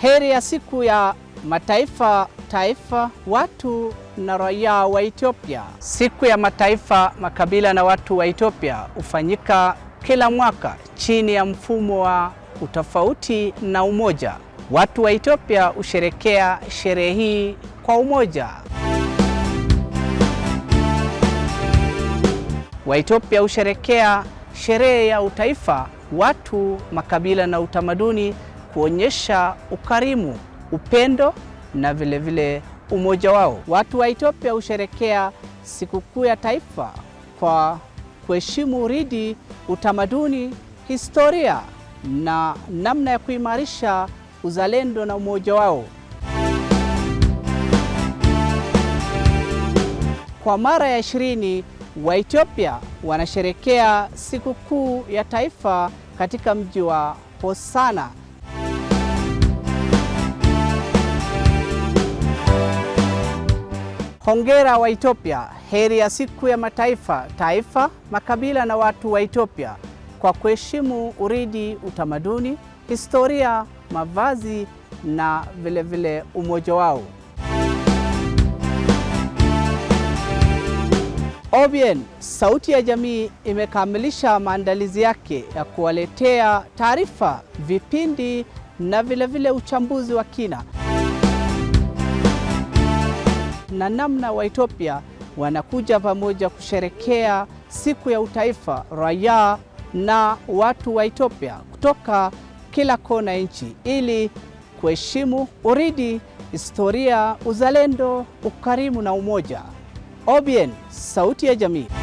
Heri ya siku ya mataifa taifa, watu na raia wa Ethiopia. Siku ya mataifa, makabila na watu wa Ethiopia hufanyika kila mwaka chini ya mfumo wa utofauti na umoja. Watu wa Ethiopia husherekea sherehe hii kwa umoja. Waethiopia husherekea sherehe ya utaifa, watu, makabila na utamaduni kuonyesha ukarimu, upendo na vilevile vile umoja wao. Watu wa Ethiopia husherekea sikukuu ya taifa kwa kuheshimu uridi, utamaduni, historia na namna ya kuimarisha uzalendo na umoja wao. Kwa mara ya ishirini ethiopia wanasherekea sikukuu ya taifa katika mji wa Hosana. Hongera wa Ethiopia, heri ya siku ya mataifa, taifa, makabila na watu wa Ethiopia kwa kuheshimu uridi, utamaduni, historia, mavazi na vilevile umoja wao. OBN Sauti ya Jamii imekamilisha maandalizi yake ya kuwaletea taarifa, vipindi na vilevile vile uchambuzi wa kina na namna Ethiopia wanakuja pamoja kusherekea siku ya utaifa, raia na watu wa Ethiopia kutoka kila kona nchi, ili kuheshimu uridi, historia, uzalendo, ukarimu na umoja. OBN, sauti ya jamii.